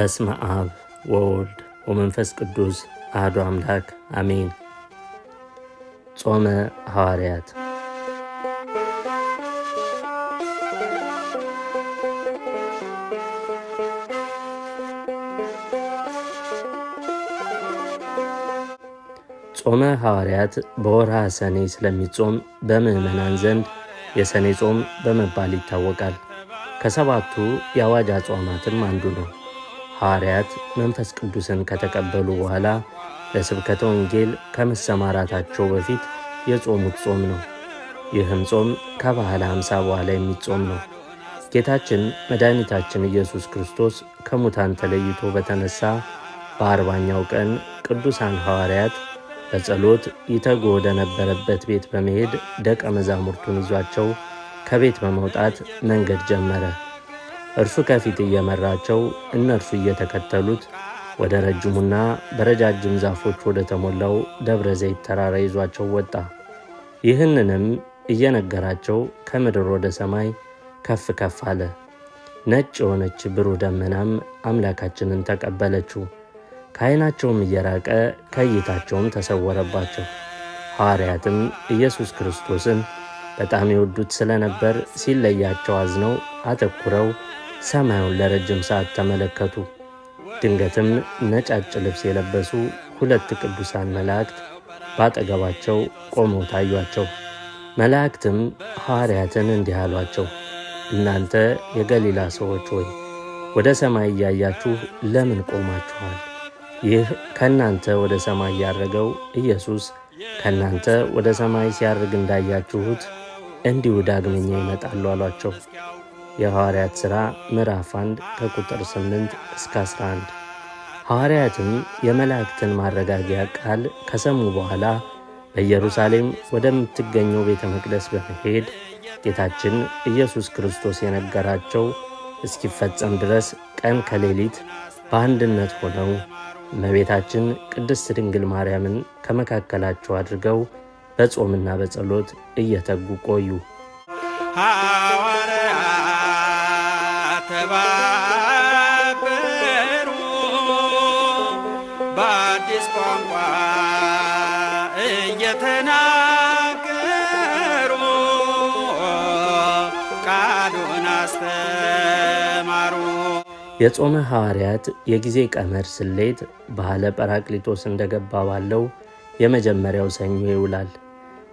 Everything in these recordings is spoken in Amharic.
በስመ አብ ወወልድ ወመንፈስ ቅዱስ አሐዱ አምላክ አሜን። ጾመ ሐዋርያት ጾመ ሐዋርያት በወርሃ ሰኔ ስለሚጾም በምዕመናን ዘንድ የሰኔ ጾም በመባል ይታወቃል። ከሰባቱ የአዋጅ አጽዋማትም አንዱ ነው። ሐዋርያት መንፈስ ቅዱስን ከተቀበሉ በኋላ ለስብከተ ወንጌል ከመሰማራታቸው በፊት የጾሙት ጾም ነው። ይህም ጾም ከበዓለ አምሳ በኋላ የሚጾም ነው። ጌታችን መድኃኒታችን ኢየሱስ ክርስቶስ ከሙታን ተለይቶ በተነሳ በአርባኛው ቀን ቅዱሳን ሐዋርያት በጸሎት ይተጉ ወደ ነበረበት ቤት በመሄድ ደቀ መዛሙርቱን ይዟቸው ከቤት በመውጣት መንገድ ጀመረ። እርሱ ከፊት እየመራቸው እነርሱ እየተከተሉት ወደ ረጅሙና በረጃጅም ዛፎች ወደ ተሞላው ደብረ ዘይት ተራራ ይዟቸው ወጣ። ይህንንም እየነገራቸው ከምድር ወደ ሰማይ ከፍ ከፍ አለ። ነጭ የሆነች ብሩህ ደመናም አምላካችንን ተቀበለችው። ከዓይናቸውም እየራቀ ከእይታቸውም ተሰወረባቸው። ሐዋርያትም ኢየሱስ ክርስቶስን በጣም የወዱት ስለነበር ሲለያቸው አዝነው አተኩረው ሰማዩን ለረጅም ሰዓት ተመለከቱ። ድንገትም ነጫጭ ልብስ የለበሱ ሁለት ቅዱሳን መላእክት በአጠገባቸው ቆመው ታዩአቸው። መላእክትም ሐዋርያትን እንዲህ አሏቸው፣ እናንተ የገሊላ ሰዎች ሆይ ወደ ሰማይ እያያችሁ ለምን ቆማችኋል? ይህ ከእናንተ ወደ ሰማይ ያረገው ኢየሱስ ከእናንተ ወደ ሰማይ ሲያርግ እንዳያችሁት እንዲሁ ዳግመኛ ይመጣሉ አሏቸው። የሐዋርያት ሥራ ምዕራፍ 1 ከቁጥር 8 እስከ 11። ሐዋርያትም የመላእክትን ማረጋጊያ ቃል ከሰሙ በኋላ በኢየሩሳሌም ወደምትገኘው ቤተ መቅደስ በመሄድ ጌታችን ኢየሱስ ክርስቶስ የነገራቸው እስኪፈጸም ድረስ ቀን ከሌሊት በአንድነት ሆነው እመቤታችን ቅድስት ድንግል ማርያምን ከመካከላቸው አድርገው በጾምና በጸሎት እየተጉ ቆዩ። ቋንቋ አስተማሩ። የጾመ ሐዋርያት የጊዜ ቀመር ስሌት በዓለ ጰራቅሊጦስ እንደገባ ባለው የመጀመሪያው ሰኞ ይውላል።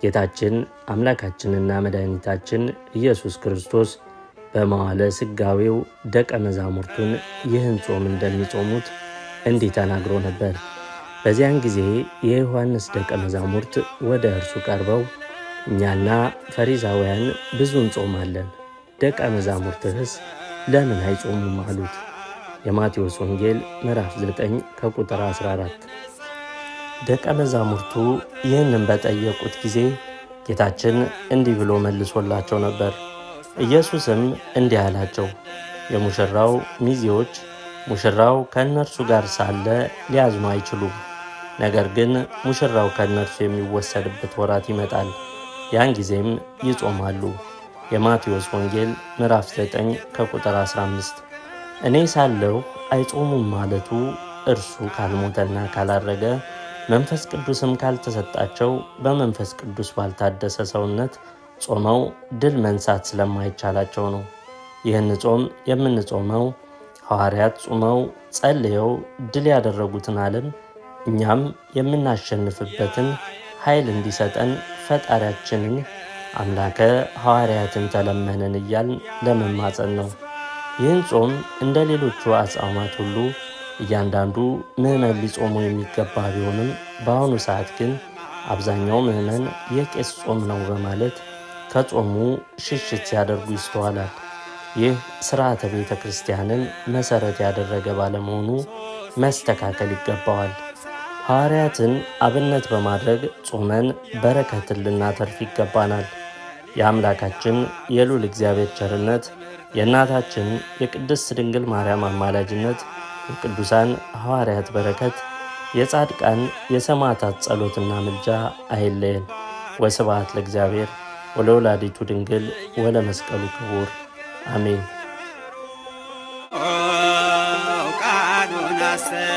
ጌታችን አምላካችንና መድኃኒታችን ኢየሱስ ክርስቶስ በመዋለ ሥጋዌው ደቀ መዛሙርቱን ይህን ጾም እንደሚጾሙት እንዲህ ተናግሮ ነበር። በዚያን ጊዜ የዮሐንስ ደቀ መዛሙርት ወደ እርሱ ቀርበው እኛና ፈሪሳውያን ብዙ እንጾማለን፣ ደቀ መዛሙርትህስ ለምን አይጾሙም? አሉት። የማቴዎስ ወንጌል ምዕራፍ 9 ከቁጥር 14 ደቀ መዛሙርቱ ይህንን በጠየቁት ጊዜ ጌታችን እንዲህ ብሎ መልሶላቸው ነበር። ኢየሱስም እንዲህ አላቸው፣ የሙሽራው ሚዜዎች ሙሽራው ከእነርሱ ጋር ሳለ ሊያዝኑ አይችሉም። ነገር ግን ሙሽራው ከእነርሱ የሚወሰድበት ወራት ይመጣል፣ ያን ጊዜም ይጾማሉ። የማቴዎስ ወንጌል ምዕራፍ 9 ከቁጥር 15። እኔ ሳለሁ አይጾሙም ማለቱ እርሱ ካልሞተና ካላረገ መንፈስ ቅዱስም ካልተሰጣቸው በመንፈስ ቅዱስ ባልታደሰ ሰውነት ጾመው ድል መንሳት ስለማይቻላቸው ነው። ይህን ጾም የምንጾመው ሐዋርያት ጾመው ጸልየው ድል ያደረጉትን ዓለም እኛም የምናሸንፍበትን ኃይል እንዲሰጠን ፈጣሪያችንን አምላከ ሐዋርያትን ተለመነን እያልን ለመማፀን ነው። ይህን ጾም እንደ ሌሎቹ አጽዋማት ሁሉ እያንዳንዱ ምዕመን ሊጾሙ የሚገባ ቢሆንም በአሁኑ ሰዓት ግን አብዛኛው ምዕመን የቄስ ጾም ነው በማለት ከጾሙ ሽሽት ሲያደርጉ ይስተዋላል። ይህ ስርዓተ ቤተ ክርስቲያንን መሠረት ያደረገ ባለመሆኑ መስተካከል ይገባዋል። ሐዋርያትን አብነት በማድረግ ጾመን በረከትን ልናተርፍ ይገባናል። የአምላካችን የሉል እግዚአብሔር ቸርነት፣ የእናታችን የቅድስት ድንግል ማርያም አማላጅነት የቅዱሳን ሐዋርያት በረከት፣ የጻድቃን የሰማዕታት ጸሎትና ምልጃ አይለየን። ወስብሐት ለእግዚአብሔር ወለወላዲቱ ድንግል ወለመስቀሉ ክቡር አሜን።